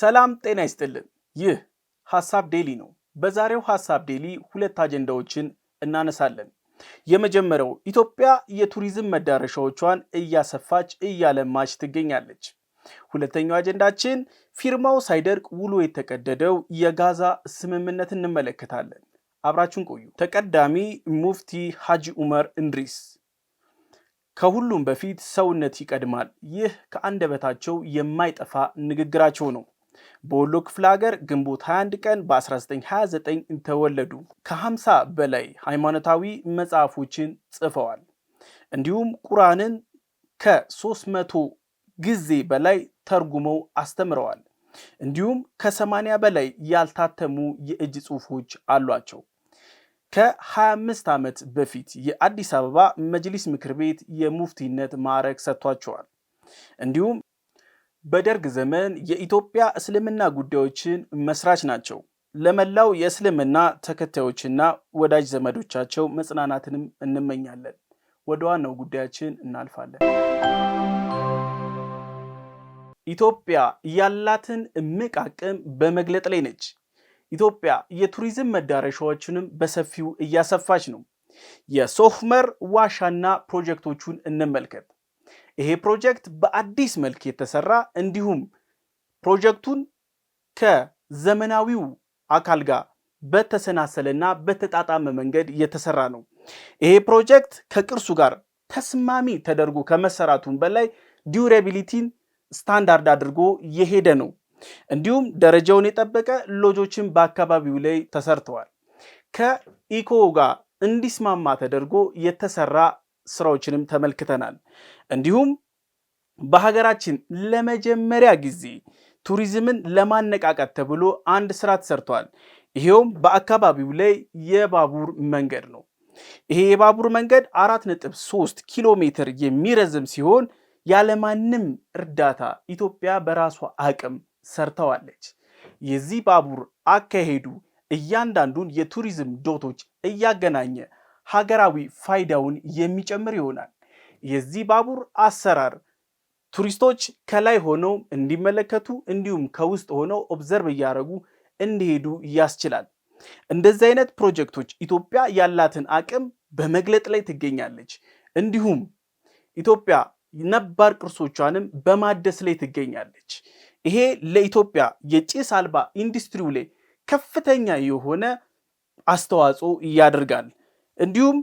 ሰላም ጤና ይስጥልን። ይህ ሀሳብ ዴሊ ነው። በዛሬው ሀሳብ ዴሊ ሁለት አጀንዳዎችን እናነሳለን። የመጀመሪያው ኢትዮጵያ የቱሪዝም መዳረሻዎቿን እያሰፋች እያለማች ትገኛለች። ሁለተኛው አጀንዳችን ፊርማው ሳይደርቅ ውሎ የተቀደደው የጋዛ ስምምነት እንመለከታለን። አብራችን ቆዩ። ተቀዳሚ ሙፍቲ ሐጂ ዑመር እንድሪስ ከሁሉም በፊት ሰውነት ይቀድማል። ይህ ከአንደበታቸው የማይጠፋ ንግግራቸው ነው። በወሎ ክፍለ ሀገር ግንቦት 21 ቀን በ1929 ተወለዱ። ከ50 በላይ ሃይማኖታዊ መጽሐፎችን ጽፈዋል። እንዲሁም ቁርአንን ከ300 ጊዜ በላይ ተርጉመው አስተምረዋል። እንዲሁም ከ80 በላይ ያልታተሙ የእጅ ጽሑፎች አሏቸው። ከ25 ዓመት በፊት የአዲስ አበባ መጅሊስ ምክር ቤት የሙፍቲነት ማዕረግ ሰጥቷቸዋል። እንዲሁም በደርግ ዘመን የኢትዮጵያ እስልምና ጉዳዮችን መስራች ናቸው። ለመላው የእስልምና ተከታዮችና ወዳጅ ዘመዶቻቸው መጽናናትንም እንመኛለን። ወደ ዋናው ጉዳያችን እናልፋለን። ኢትዮጵያ ያላትን እምቅ አቅም በመግለጥ ላይ ነች። ኢትዮጵያ የቱሪዝም መዳረሻዎችንም በሰፊው እያሰፋች ነው። የሶፍመር ዋሻና ፕሮጀክቶቹን እንመልከት። ይሄ ፕሮጀክት በአዲስ መልክ የተሰራ እንዲሁም ፕሮጀክቱን ከዘመናዊው አካል ጋር በተሰናሰለና በተጣጣመ መንገድ የተሰራ ነው። ይሄ ፕሮጀክት ከቅርሱ ጋር ተስማሚ ተደርጎ ከመሰራቱን በላይ ዲዩሬቢሊቲን ስታንዳርድ አድርጎ የሄደ ነው። እንዲሁም ደረጃውን የጠበቀ ሎጆችን በአካባቢው ላይ ተሰርተዋል። ከኢኮ ጋር እንዲስማማ ተደርጎ የተሰራ ስራዎችንም ተመልክተናል። እንዲሁም በሀገራችን ለመጀመሪያ ጊዜ ቱሪዝምን ለማነቃቃት ተብሎ አንድ ስራ ተሰርቷል። ይሄውም በአካባቢው ላይ የባቡር መንገድ ነው። ይሄ የባቡር መንገድ 43 ኪሎ ሜትር የሚረዝም ሲሆን ያለማንም እርዳታ ኢትዮጵያ በራሷ አቅም ሰርተዋለች። የዚህ ባቡር አካሄዱ እያንዳንዱን የቱሪዝም ዶቶች እያገናኘ ሀገራዊ ፋይዳውን የሚጨምር ይሆናል። የዚህ ባቡር አሰራር ቱሪስቶች ከላይ ሆነው እንዲመለከቱ እንዲሁም ከውስጥ ሆነው ኦብዘርቭ እያደረጉ እንዲሄዱ ያስችላል። እንደዚህ አይነት ፕሮጀክቶች ኢትዮጵያ ያላትን አቅም በመግለጥ ላይ ትገኛለች። እንዲሁም ኢትዮጵያ ነባር ቅርሶቿንም በማደስ ላይ ትገኛለች። ይሄ ለኢትዮጵያ የጭስ አልባ ኢንዱስትሪው ላይ ከፍተኛ የሆነ አስተዋጽኦ ያደርጋል። እንዲሁም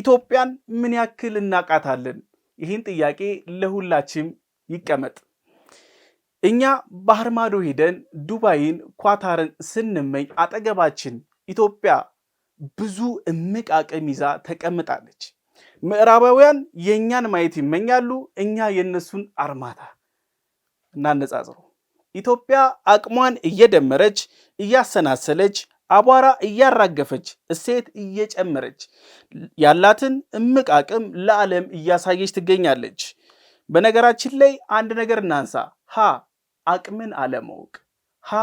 ኢትዮጵያን ምን ያክል እናቃታለን? ይህን ጥያቄ ለሁላችም ይቀመጥ። እኛ ባህር ማዶ ሄደን ዱባይን፣ ኳታርን ስንመኝ አጠገባችን ኢትዮጵያ ብዙ እምቅ አቅም ይዛ ተቀምጣለች። ምዕራባውያን የእኛን ማየት ይመኛሉ፣ እኛ የእነሱን አርማታ እናነጻጽሩ። ኢትዮጵያ አቅሟን እየደመረች እያሰናሰለች አቧራ እያራገፈች እሴት እየጨመረች ያላትን እምቅ አቅም ለዓለም እያሳየች ትገኛለች። በነገራችን ላይ አንድ ነገር እናንሳ። ሀ አቅምን አለማወቅ፣ ሀ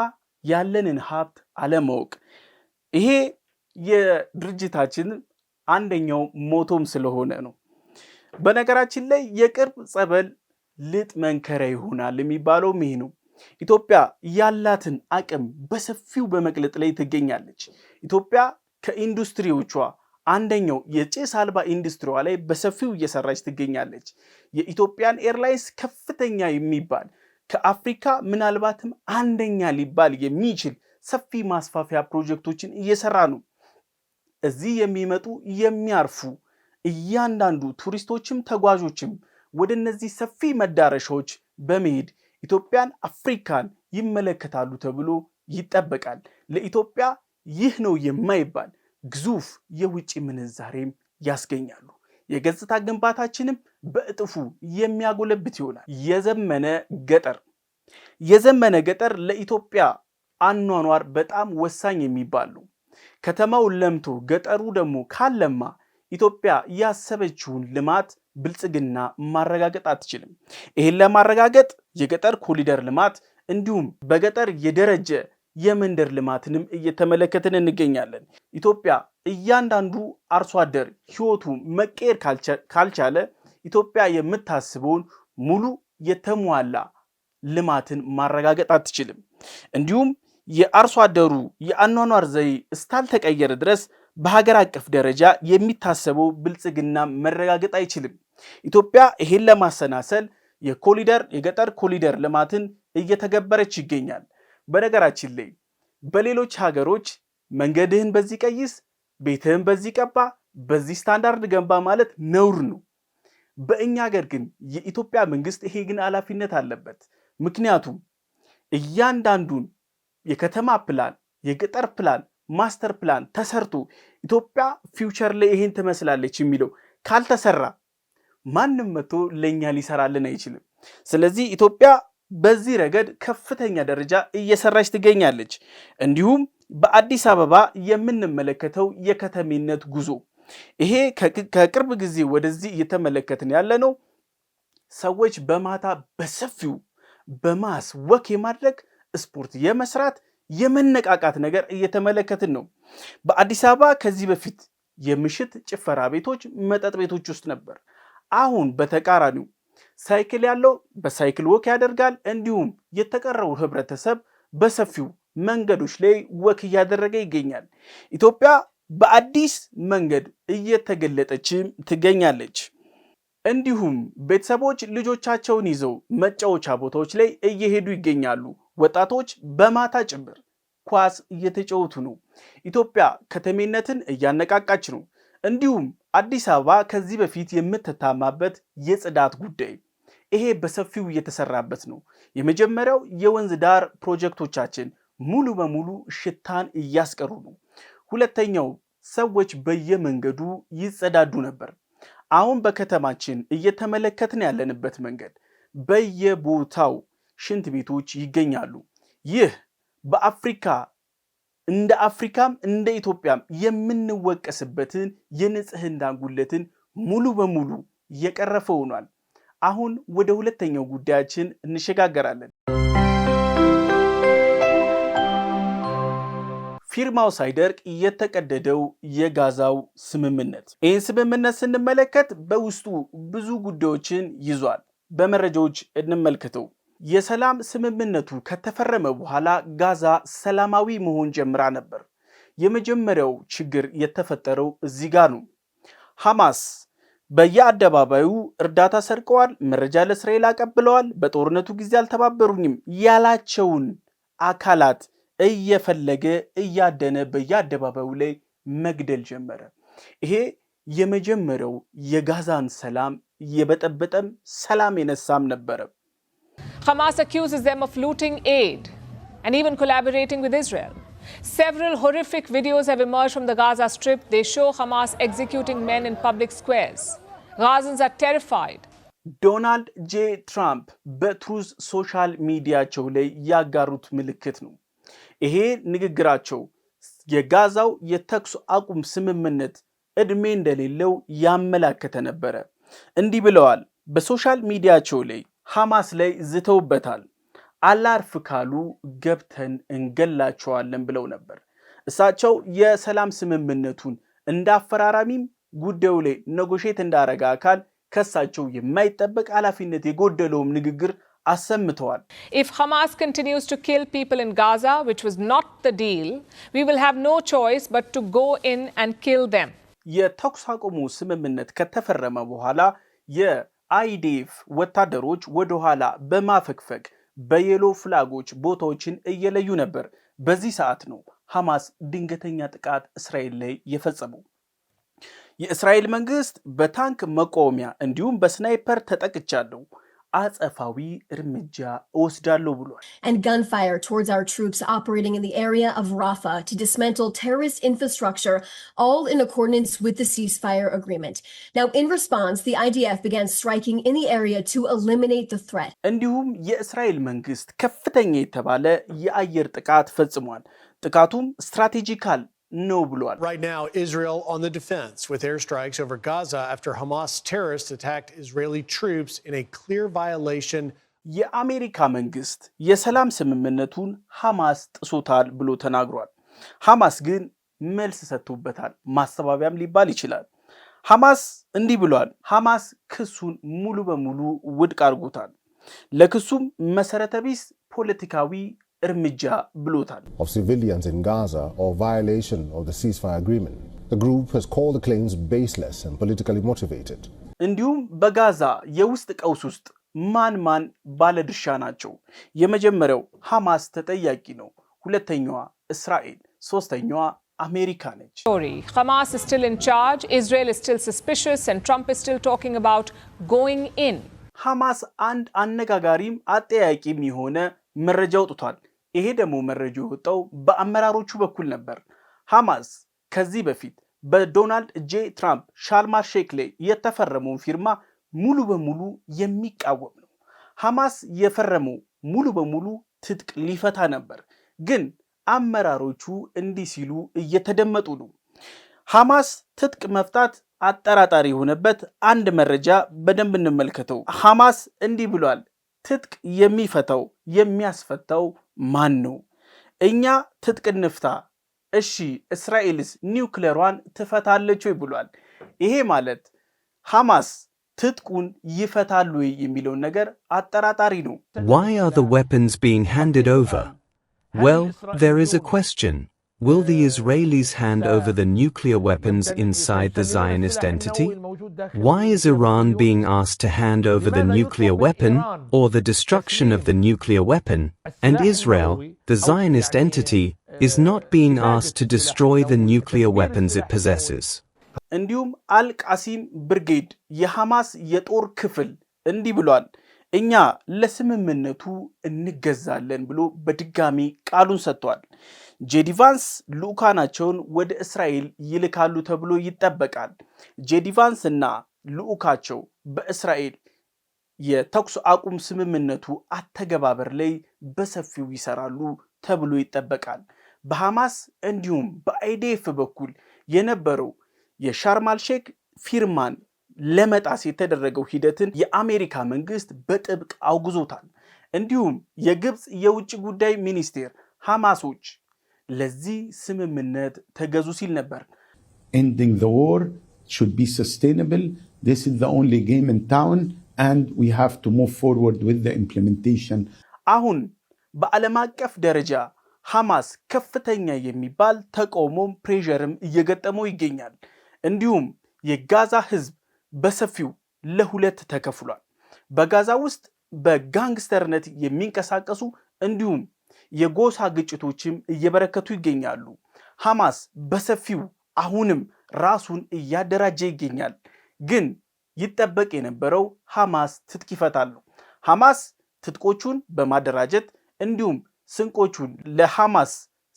ያለንን ሀብት አለማወቅ፣ ይሄ የድርጅታችን አንደኛው ሞቶም ስለሆነ ነው። በነገራችን ላይ የቅርብ ጸበል ልጥ መንከሪያ ይሆናል የሚባለው ይሄ ነው። ኢትዮጵያ ያላትን አቅም በሰፊው በመግለጥ ላይ ትገኛለች። ኢትዮጵያ ከኢንዱስትሪዎቿ አንደኛው የጭስ አልባ ኢንዱስትሪዋ ላይ በሰፊው እየሰራች ትገኛለች። የኢትዮጵያን ኤርላይንስ ከፍተኛ የሚባል ከአፍሪካ ምናልባትም አንደኛ ሊባል የሚችል ሰፊ ማስፋፊያ ፕሮጀክቶችን እየሰራ ነው። እዚህ የሚመጡ የሚያርፉ እያንዳንዱ ቱሪስቶችም ተጓዦችም ወደ እነዚህ ሰፊ መዳረሻዎች በመሄድ ኢትዮጵያን፣ አፍሪካን ይመለከታሉ ተብሎ ይጠበቃል። ለኢትዮጵያ ይህ ነው የማይባል ግዙፍ የውጭ ምንዛሬም ያስገኛሉ። የገጽታ ግንባታችንም በእጥፉ የሚያጎለብት ይሆናል። የዘመነ ገጠር የዘመነ ገጠር ለኢትዮጵያ አኗኗር በጣም ወሳኝ የሚባል ነው። ከተማው ለምቶ ገጠሩ ደግሞ ካለማ ኢትዮጵያ ያሰበችውን ልማት ብልጽግና ማረጋገጥ አትችልም። ይህን ለማረጋገጥ የገጠር ኮሪደር ልማት እንዲሁም በገጠር የደረጀ የመንደር ልማትንም እየተመለከትን እንገኛለን። ኢትዮጵያ እያንዳንዱ አርሶ አደር መቀየር ካልቻለ ኢትዮጵያ የምታስበውን ሙሉ የተሟላ ልማትን ማረጋገጥ አትችልም። እንዲሁም የአርሶ አደሩ የአኗኗር ዘይ እስካልተቀየረ ድረስ በሀገር አቀፍ ደረጃ የሚታሰበው ብልጽግና መረጋገጥ አይችልም። ኢትዮጵያ ይሄን ለማሰናሰል የኮሊደር የገጠር ኮሊደር ልማትን እየተገበረች ይገኛል። በነገራችን ላይ በሌሎች ሀገሮች መንገድህን በዚህ ቀይስ፣ ቤትህን በዚህ ቀባ፣ በዚህ ስታንዳርድ ገንባ ማለት ነውር ነው። በእኛ ሀገር ግን የኢትዮጵያ መንግስት ይሄ ግን ኃላፊነት አለበት። ምክንያቱም እያንዳንዱን የከተማ ፕላን የገጠር ፕላን ማስተር ፕላን ተሰርቶ ኢትዮጵያ ፊውቸር ላይ ይሄን ትመስላለች የሚለው ካልተሰራ ማንም መጥቶ ለእኛ ሊሰራልን አይችልም። ስለዚህ ኢትዮጵያ በዚህ ረገድ ከፍተኛ ደረጃ እየሰራች ትገኛለች። እንዲሁም በአዲስ አበባ የምንመለከተው የከተሜነት ጉዞ ይሄ ከቅርብ ጊዜ ወደዚህ እየተመለከትን ያለ ነው። ሰዎች በማታ በሰፊው በማስ ወክ የማድረግ ስፖርት የመስራት የመነቃቃት ነገር እየተመለከትን ነው። በአዲስ አበባ ከዚህ በፊት የምሽት ጭፈራ ቤቶች መጠጥ ቤቶች ውስጥ ነበር። አሁን በተቃራኒው ሳይክል ያለው በሳይክል ወክ ያደርጋል። እንዲሁም የተቀረው ህብረተሰብ በሰፊው መንገዶች ላይ ወክ እያደረገ ይገኛል። ኢትዮጵያ በአዲስ መንገድ እየተገለጠችም ትገኛለች። እንዲሁም ቤተሰቦች ልጆቻቸውን ይዘው መጫወቻ ቦታዎች ላይ እየሄዱ ይገኛሉ። ወጣቶች በማታ ጭምር ኳስ እየተጫወቱ ነው። ኢትዮጵያ ከተሜነትን እያነቃቃች ነው። እንዲሁም አዲስ አበባ ከዚህ በፊት የምትታማበት የጽዳት ጉዳይ ይሄ በሰፊው እየተሰራበት ነው። የመጀመሪያው የወንዝ ዳር ፕሮጀክቶቻችን ሙሉ በሙሉ ሽታን እያስቀሩ ነው። ሁለተኛው ሰዎች በየመንገዱ ይጸዳዱ ነበር። አሁን በከተማችን እየተመለከትን ያለንበት መንገድ በየቦታው ሽንት ቤቶች ይገኛሉ። ይህ በአፍሪካ እንደ አፍሪካም እንደ ኢትዮጵያም የምንወቀስበትን የንጽህና ጉለትን ሙሉ በሙሉ እየቀረፈ ሆኗል። አሁን ወደ ሁለተኛው ጉዳያችን እንሸጋገራለን። ፊርማው ሳይደርቅ የተቀደደው የጋዛው ስምምነት። ይህን ስምምነት ስንመለከት በውስጡ ብዙ ጉዳዮችን ይዟል። በመረጃዎች እንመልከተው። የሰላም ስምምነቱ ከተፈረመ በኋላ ጋዛ ሰላማዊ መሆን ጀምራ ነበር። የመጀመሪያው ችግር የተፈጠረው እዚህ ጋር ነው። ሐማስ በየአደባባዩ እርዳታ ሰርቀዋል፣ መረጃ ለእስራኤል አቀብለዋል፣ በጦርነቱ ጊዜ አልተባበሩኝም ያላቸውን አካላት እየፈለገ እያደነ በየአደባባዩ ላይ መግደል ጀመረ። ይሄ የመጀመሪያው የጋዛን ሰላም የበጠበጠም ሰላም የነሳም ነበረም። Hamas accuses them of looting aid and even collaborating with Israel. Several horrific videos have emerged from the Gaza Strip. They show Hamas executing men in public squares. Gazans are terrified. ዶናልድ ጄ ትራምፕ በትሩዝ ሶሻል ሚዲያቸው ላይ ያጋሩት ምልክት ነው። ይሄ ንግግራቸው የጋዛው የተኩስ አቁም ስምምነት ዕድሜ እንደሌለው ያመላከተ ነበረ። እንዲህ ብለዋል። በሶሻል ሚዲያቸው ላይ ሐማስ ላይ ዝተውበታል። አላርፍ ካሉ ገብተን እንገላቸዋለን ብለው ነበር። እሳቸው የሰላም ስምምነቱን እንዳፈራራሚም ጉዳዩ ላይ ነጎሼት እንዳረገ አካል ከሳቸው የማይጠበቅ ኃላፊነት የጎደለውም ንግግር አሰምተዋል። ኢፍ ሐማስ ኮንቲኒውስ ቱ ኪል ፒፕል ኢን ጋዛ ዊች ዋዝ ኖት ዘ ዲል ዊ ዊል ሃቭ ኖ ቾይስ በት ቱ ጎ ኢን አንድ ኪል ዘም የተኩስ አቁሙ ስምምነት ከተፈረመ በኋላ የ አይዲኤፍ ወታደሮች ወደኋላ በማፈግፈግ በየሎ ፍላጎች ቦታዎችን እየለዩ ነበር። በዚህ ሰዓት ነው ሐማስ ድንገተኛ ጥቃት እስራኤል ላይ የፈጸመው። የእስራኤል መንግስት በታንክ መቃወሚያ እንዲሁም በስናይፐር ተጠቅቻለሁ አጸፋዊ እርምጃ እወስዳለሁ ብሏል። And gunfire towards our troops operating in the area of Rafah to dismantle terrorist infrastructure, all in accordance with the ceasefire agreement. Now, in response, the IDF began striking in the area to eliminate the threat. እንዲሁም የእስራኤል መንግስት ከፍተኛ የተባለ የአየር ጥቃት ፈጽሟል። ጥቃቱም ስትራቴጂካል ነው ብሏል። Right now, Israel on the defense with airstrikes over Gaza after Hamas terrorists attacked Israeli troops in a clear violation የአሜሪካ መንግስት የሰላም ስምምነቱን ሐማስ ጥሶታል ብሎ ተናግሯል። ሐማስ ግን መልስ ሰጥቶበታል። ማስተባበያም ሊባል ይችላል። ሐማስ እንዲህ ብሏል። ሐማስ ክሱን ሙሉ በሙሉ ውድቅ አድርጎታል። ለክሱም መሰረተ ቢስ ፖለቲካዊ እርምጃ ብሎታል። እንዲሁም በጋዛ የውስጥ ቀውስ ውስጥ ማን ማን ባለድርሻ ናቸው? የመጀመሪያው ሐማስ ተጠያቂ ነው። ሁለተኛዋ እስራኤል፣ ሶስተኛዋ አሜሪካ ነች። ሐማስ አንድ አነጋጋሪም አጠያቂም የሆነ መረጃ አውጥቷል። ይሄ ደግሞ መረጃው የወጣው በአመራሮቹ በኩል ነበር። ሐማስ ከዚህ በፊት በዶናልድ ጄ ትራምፕ ሻርም ሼክ ላይ የተፈረመውን ፊርማ ሙሉ በሙሉ የሚቃወም ነው። ሐማስ የፈረመው ሙሉ በሙሉ ትጥቅ ሊፈታ ነበር፣ ግን አመራሮቹ እንዲህ ሲሉ እየተደመጡ ነው። ሐማስ ትጥቅ መፍታት አጠራጣሪ የሆነበት አንድ መረጃ በደንብ እንመልከተው። ሐማስ እንዲህ ብሏል። ትጥቅ የሚፈታው የሚያስፈታው ማን ነው? እኛ ትጥቅ ንፍታ እሺ፣ እስራኤልስ ኒውክሌሯን ትፈታለች ወይ ብሏል። ይሄ ማለት ሐማስ ትጥቁን ይፈታሉ ወይ የሚለውን ነገር አጠራጣሪ ነው። ዋይ አር ዘ weapons ቢንግ ሃንድድ ኦቨር Well, ዘር ኢዝ አ question. Will the Israelis hand over the nuclear weapons inside the Zionist entity? Why is Iran being asked to hand over the nuclear weapon or the destruction of the nuclear weapon, and Israel, the Zionist entity, is not being asked to destroy the nuclear weapons it possesses? እንዲሁም አልቃሲም ብርጌድ የሐማስ የጦር ክፍል እንዲህ ብሏል። እኛ ለስምምነቱ እንገዛለን ብሎ በድጋሚ ቃሉን ሰጥቷል። ጄዲቫንስ ልዑካናቸውን ወደ እስራኤል ይልካሉ ተብሎ ይጠበቃል። ጄዲቫንስ እና ልዑካቸው በእስራኤል የተኩስ አቁም ስምምነቱ አተገባበር ላይ በሰፊው ይሰራሉ ተብሎ ይጠበቃል። በሐማስ እንዲሁም በአይዴፍ በኩል የነበረው የሻርማልሼክ ፊርማን ለመጣስ የተደረገው ሂደትን የአሜሪካ መንግስት በጥብቅ አውግዞታል። እንዲሁም የግብፅ የውጭ ጉዳይ ሚኒስቴር ሐማሶች ለዚህ ስምምነት ተገዙ ሲል ነበር። ኤንዲንግ ዘ ዎር ሹድ ቢ ሰስቴናብል ዚስ ኢዝ ዘ ኦንሊ ጌም ኢን ታውን ኤንድ ዊ ሃቭ ቱ ሙቭ ፎርወርድ ዊዝ ዘ ኢምፕሊሜንቴሽን። አሁን በዓለም አቀፍ ደረጃ ሐማስ ከፍተኛ የሚባል ተቃውሞም ፕሬሸርም እየገጠመው ይገኛል። እንዲሁም የጋዛ ህዝብ በሰፊው ለሁለት ተከፍሏል። በጋዛ ውስጥ በጋንግስተርነት የሚንቀሳቀሱ እንዲሁም የጎሳ ግጭቶችም እየበረከቱ ይገኛሉ። ሐማስ በሰፊው አሁንም ራሱን እያደራጀ ይገኛል። ግን ይጠበቅ የነበረው ሐማስ ትጥቅ ይፈታሉ። ሐማስ ትጥቆቹን በማደራጀት እንዲሁም ስንቆቹን ለሐማስ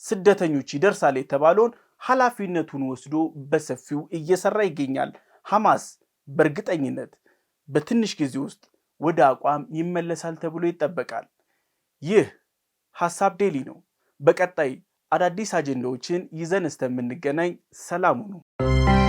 ስደተኞች ይደርሳል የተባለውን ኃላፊነቱን ወስዶ በሰፊው እየሰራ ይገኛል። ሐማስ በእርግጠኝነት በትንሽ ጊዜ ውስጥ ወደ አቋም ይመለሳል ተብሎ ይጠበቃል። ይህ ሀሳብ ዴሊ ነው። በቀጣይ አዳዲስ አጀንዳዎችን ይዘን እስከምንገናኝ ሰላሙ ነው።